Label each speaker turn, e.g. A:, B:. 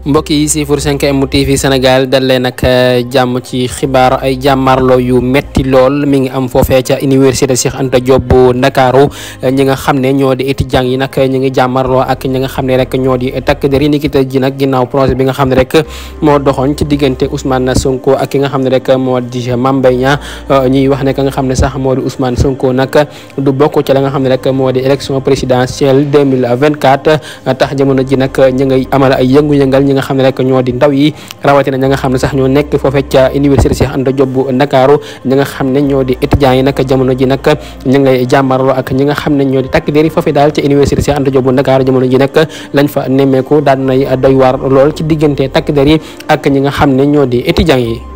A: mbokk yi si pour 5M TV Sénégal dalee nag eh, jàmm ci xibaar ay jàmmarloo yu metti lool mi ngi am foofee ca université Cheikh Anta Diop bu Ndakaaru eh, ñi nga xam ne ñoo di étudiants yi nag eh, ñu ngi jàmmarloo ak ñi nga xam ne rek ñoo di takk der yi ji nag ginnaaw projet bi nga xam ne rek moo doxoon ci diggante Ousmane Sonko ak ki nga xam ne rek moo di Mame Mbaye ñuy wax ne ka nga xam ne sax moo di Ousmane Sonko nag du bokk ci la nga xam ne rek moo di élection présidentielle 2024 tax jamono ji nag ñu ngay amal ay yëngu-yëngal ñi xam ne rek ñoo di ndaw yi rawatina xam ne sax ñoo nekk foofee ca université Cheikh Anta Diop bu Ndakaaru ñi nga xam ne ñoo di ji nag ñu ngay jàmmarloo ak ñi nga xam ne ñoo di takk déri foofee daal ca université Cheikh Anta Diop bu Ndakaaru jamono ji nag lañ fa nemmeeku daal nay doy waar lool ci diggante takk dér yi ak ñi nga xam ne ñoo di yi